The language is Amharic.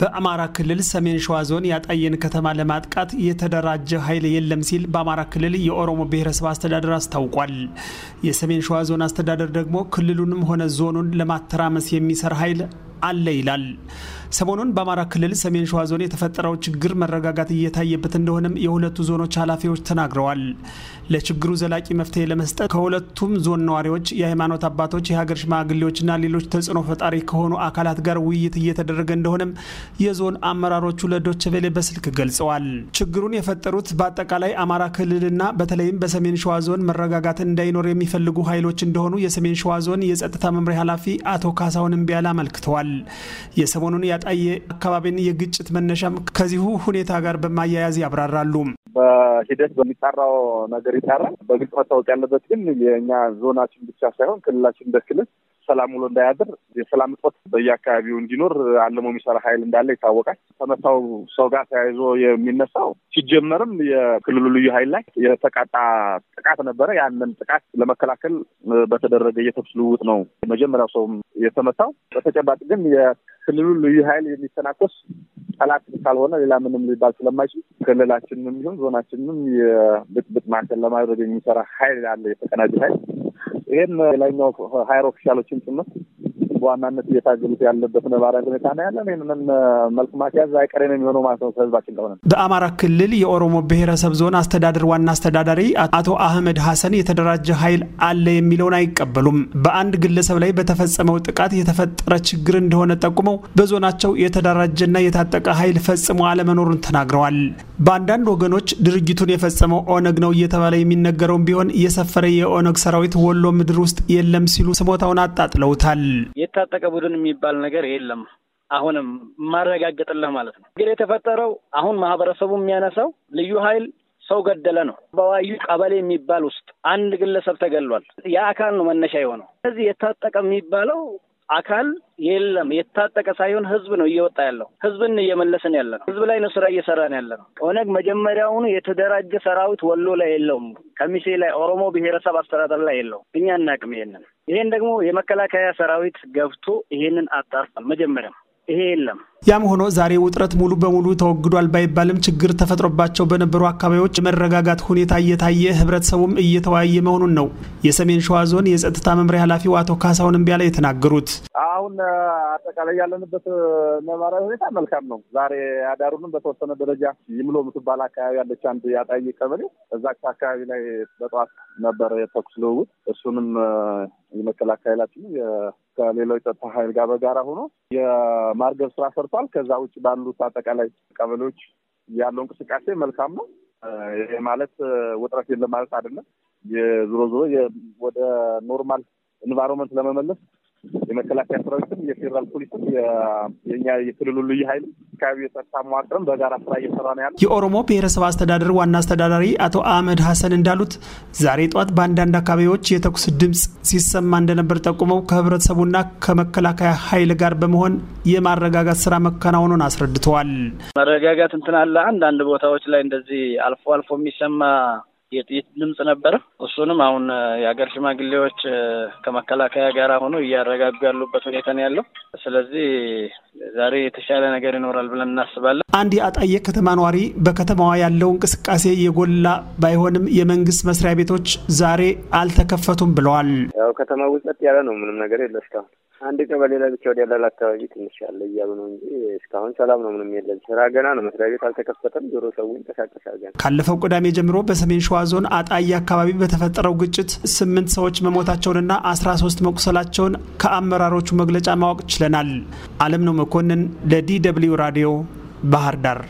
በአማራ ክልል ሰሜን ሸዋ ዞን ያጣየን ከተማ ለማጥቃት የተደራጀ ኃይል የለም ሲል በአማራ ክልል የኦሮሞ ብሔረሰብ አስተዳደር አስታውቋል። የሰሜን ሸዋ ዞን አስተዳደር ደግሞ ክልሉንም ሆነ ዞኑን ለማተራመስ የሚሰራ ኃይል አለ ይላል። ሰሞኑን በአማራ ክልል ሰሜን ሸዋ ዞን የተፈጠረው ችግር መረጋጋት እየታየበት እንደሆነም የሁለቱ ዞኖች ኃላፊዎች ተናግረዋል። ለችግሩ ዘላቂ መፍትሄ ለመስጠት ከሁለቱም ዞን ነዋሪዎች፣ የሃይማኖት አባቶች፣ የሀገር ሽማግሌዎችና ሌሎች ተጽዕኖ ፈጣሪ ከሆኑ አካላት ጋር ውይይት እየተደረገ እንደሆነም የዞን አመራሮቹ ለዶቸቬሌ በስልክ ገልጸዋል። ችግሩን የፈጠሩት በአጠቃላይ አማራ ክልልና በተለይም በሰሜን ሸዋ ዞን መረጋጋት እንዳይኖር የሚፈልጉ ኃይሎች እንደሆኑ የሰሜን ሸዋ ዞን የጸጥታ መምሪያ ኃላፊ አቶ ካሳሁን ቢያል አመልክተዋል። የሰሞኑን ጣዬ አካባቢን የግጭት መነሻም ከዚሁ ሁኔታ ጋር በማያያዝ ያብራራሉ። በሂደት በሚጣራው ነገር ይጣራል። በግልጽ መታወቅ ያለበት ግን የእኛ ዞናችን ብቻ ሳይሆን ክልላችን እንደ ክልል ሰላም ውሎ እንዳያድር የሰላም እጦት በየአካባቢው እንዲኖር አልሞ የሚሰራ ኃይል እንዳለ ይታወቃል። ከመታው ሰው ጋር ተያይዞ የሚነሳው ሲጀመርም የክልሉ ልዩ ኃይል ላይ የተቃጣ ጥቃት ነበረ። ያንን ጥቃት ለመከላከል በተደረገ የተኩስ ልውውጥ ነው መጀመሪያው ሰውም የተመታው። በተጨባጭ ግን ክልሉ ልዩ ኃይል የሚተናኮስ ጠላት ካልሆነ ሌላ ምንም ሊባል ስለማይችል ክልላችንም ይሁን ዞናችንም የብጥብጥ ማዕከል ለማድረግ የሚሰራ ኃይል አለ፣ የተቀናጅ ኃይል። ይህም ሌላኛው ሀይር ኦፊሻሎችን ጭምር በዋናነት እየታገሉት ያለበት ነባራዊ ሁኔታ ነው ያለን። ይህንን መልክ ማስያዝ አይቀሬ ነው የሚሆነው ማለት ነው ህዝባችን ከሆነ። በአማራ ክልል የኦሮሞ ብሔረሰብ ዞን አስተዳደር ዋና አስተዳዳሪ አቶ አህመድ ሀሰን የተደራጀ ኃይል አለ የሚለውን አይቀበሉም። በአንድ ግለሰብ ላይ በተፈጸመው ጥቃት የተፈጠረ ችግር እንደሆነ ጠቁመው በዞናቸው የተደራጀና የታጠቀ ኃይል ፈጽሞ አለመኖሩን ተናግረዋል። በአንዳንድ ወገኖች ድርጊቱን የፈጸመው ኦነግ ነው እየተባለ የሚነገረውም ቢሆን የሰፈረ የኦነግ ሰራዊት ወሎ ምድር ውስጥ የለም ሲሉ ስሞታውን አጣጥለውታል። የታጠቀ ቡድን የሚባል ነገር የለም። አሁንም ማረጋገጥልህ ማለት ነው። ግን የተፈጠረው አሁን ማህበረሰቡ የሚያነሳው ልዩ ኃይል ሰው ገደለ ነው። በዋዩ ቀበሌ የሚባል ውስጥ አንድ ግለሰብ ተገሏል። የአካል ነው መነሻ የሆነው። ስለዚህ የታጠቀ የሚባለው አካል የለም። የታጠቀ ሳይሆን ህዝብ ነው እየወጣ ያለው። ህዝብን እየመለስን ያለ ነው። ህዝብ ላይ ነው ስራ እየሰራን ያለ ነው። ኦነግ መጀመሪያውኑ የተደራጀ ሰራዊት ወሎ ላይ የለውም። ከሚሴ ላይ፣ ኦሮሞ ብሔረሰብ አስተዳደር ላይ የለውም። እኛ እናቅም ይሄንን። ይሄን ደግሞ የመከላከያ ሰራዊት ገብቶ ይሄንን አጣርቷል። መጀመሪያም ይሄ የለም። ያም ሆኖ ዛሬ ውጥረት ሙሉ በሙሉ ተወግዷል ባይባልም ችግር ተፈጥሮባቸው በነበሩ አካባቢዎች የመረጋጋት ሁኔታ እየታየ ህብረተሰቡም እየተወያየ መሆኑን ነው የሰሜን ሸዋ ዞን የጸጥታ መምሪያ ኃላፊው አቶ ካሳሁን ላይ የተናገሩት። አሁን አጠቃላይ ያለንበት ነባራዊ ሁኔታ መልካም ነው። ዛሬ አዳሩንም በተወሰነ ደረጃ ይምሎ ምትባል አካባቢ ያለች አንድ ያጣይ ቀበሌ እዛ አካባቢ ላይ በጠዋት ነበር የተኩስ ልውውጥ። እሱንም የመከላከያ ኃይላችንም ከሌሎች ጸጥታ ኃይል ጋር በጋራ ሆኖ የማርገብ ስራ ሰርቷል። ከዛ ውጭ ባሉት አጠቃላይ ቀበሌዎች ያለው እንቅስቃሴ መልካም ነው። ይሄ ማለት ውጥረት የለም ማለት አይደለም። የዞሮ ዞሮ ወደ ኖርማል ኢንቫይሮንመንት ለመመለስ የመከላከያ ሰራዊትም የፌዴራል ፖሊስም የኛ የክልሉ ልዩ ኃይል አካባቢ የጸጥታ መዋቅርም በጋራ ስራ እየሰራ ነው ያለ የኦሮሞ ብሔረሰብ አስተዳደር ዋና አስተዳዳሪ አቶ አህመድ ሀሰን እንዳሉት ዛሬ ጠዋት በአንዳንድ አካባቢዎች የተኩስ ድምፅ ሲሰማ እንደነበር ጠቁመው ከህብረተሰቡና ከመከላከያ ኃይል ጋር በመሆን የማረጋጋት ስራ መከናወኑን አስረድተዋል። መረጋጋት እንትናለ አንዳንድ ቦታዎች ላይ እንደዚህ አልፎ አልፎ የሚሰማ የጥይት ድምጽ ነበረ። እሱንም አሁን የሀገር ሽማግሌዎች ከመከላከያ ጋር ሆኖ እያረጋጉ ያሉበት ሁኔታ ነው ያለው። ስለዚህ ዛሬ የተሻለ ነገር ይኖራል ብለን እናስባለን። አንድ የአጣየ ከተማ ነዋሪ በከተማዋ ያለው እንቅስቃሴ የጎላ ባይሆንም የመንግስት መስሪያ ቤቶች ዛሬ አልተከፈቱም ብለዋል። ያው ከተማ ውስጥ ያለ ነው፣ ምንም ነገር የለ እስካሁን አንድ ቀበሌ ለብቻ ወደ ያላል አካባቢ ትንሽ ያለ እያሉ ነው እንጂ እስካሁን ሰላም ነው፣ ምንም የለም። ስራ ገና ነው፣ መስሪያ ቤት አልተከፈተም። ዞሮ ሰው ይንቀሳቀሳል ገና። ካለፈው ቅዳሜ ጀምሮ በሰሜን ሸዋ ዞን አጣዬ አካባቢ በተፈጠረው ግጭት ስምንት ሰዎች መሞታቸውንና አስራ ሶስት መቁሰላቸውን ከአመራሮቹ መግለጫ ማወቅ ችለናል። አለም ነው መኮንን ለዲ ደብልዩ ራዲዮ ባህር ዳር